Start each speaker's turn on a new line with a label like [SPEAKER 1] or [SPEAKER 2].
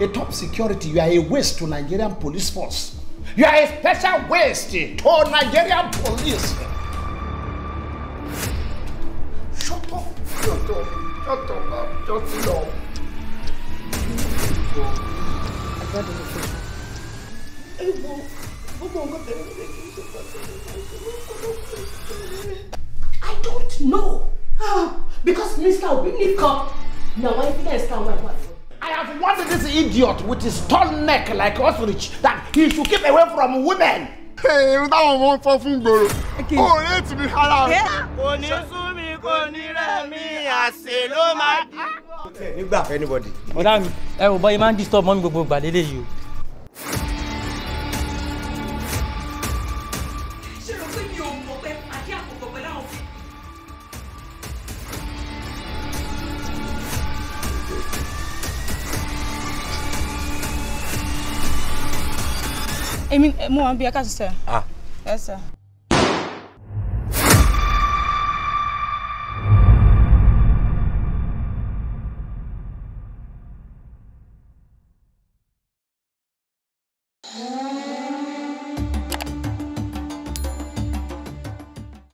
[SPEAKER 1] a top security, you are a waste to Nigerian police force. You are a special waste to Nigerian police.
[SPEAKER 2] Shut up. Shut up. Shut up. Shut up. I got
[SPEAKER 3] I don't know. Ah, because Mr. Obi now I àwọn evidence táwọn ẹ̀gbọ́n àti I have warned this idiot with his tall neck like ostrich that he should keep away from women. Èrè
[SPEAKER 4] táwọn ọmọ ń fọ́ fún gbòòrò. Ó rẹ̀
[SPEAKER 5] tì mí ara rẹ̀. Kò ní sún mi, kò ní rẹ̀ mi, àṣẹ ló máa dí.
[SPEAKER 4] Nígbà anybody. Ọ̀dà mi, ẹ ò bọ́ yín máa ń disturb mọ́ mi gbogbo ìgbà lélẹ́yìí o.
[SPEAKER 6] èmi eh, mo wà ń bí ẹ káàsì sẹ. ẹ sẹ. Ah. Yeah.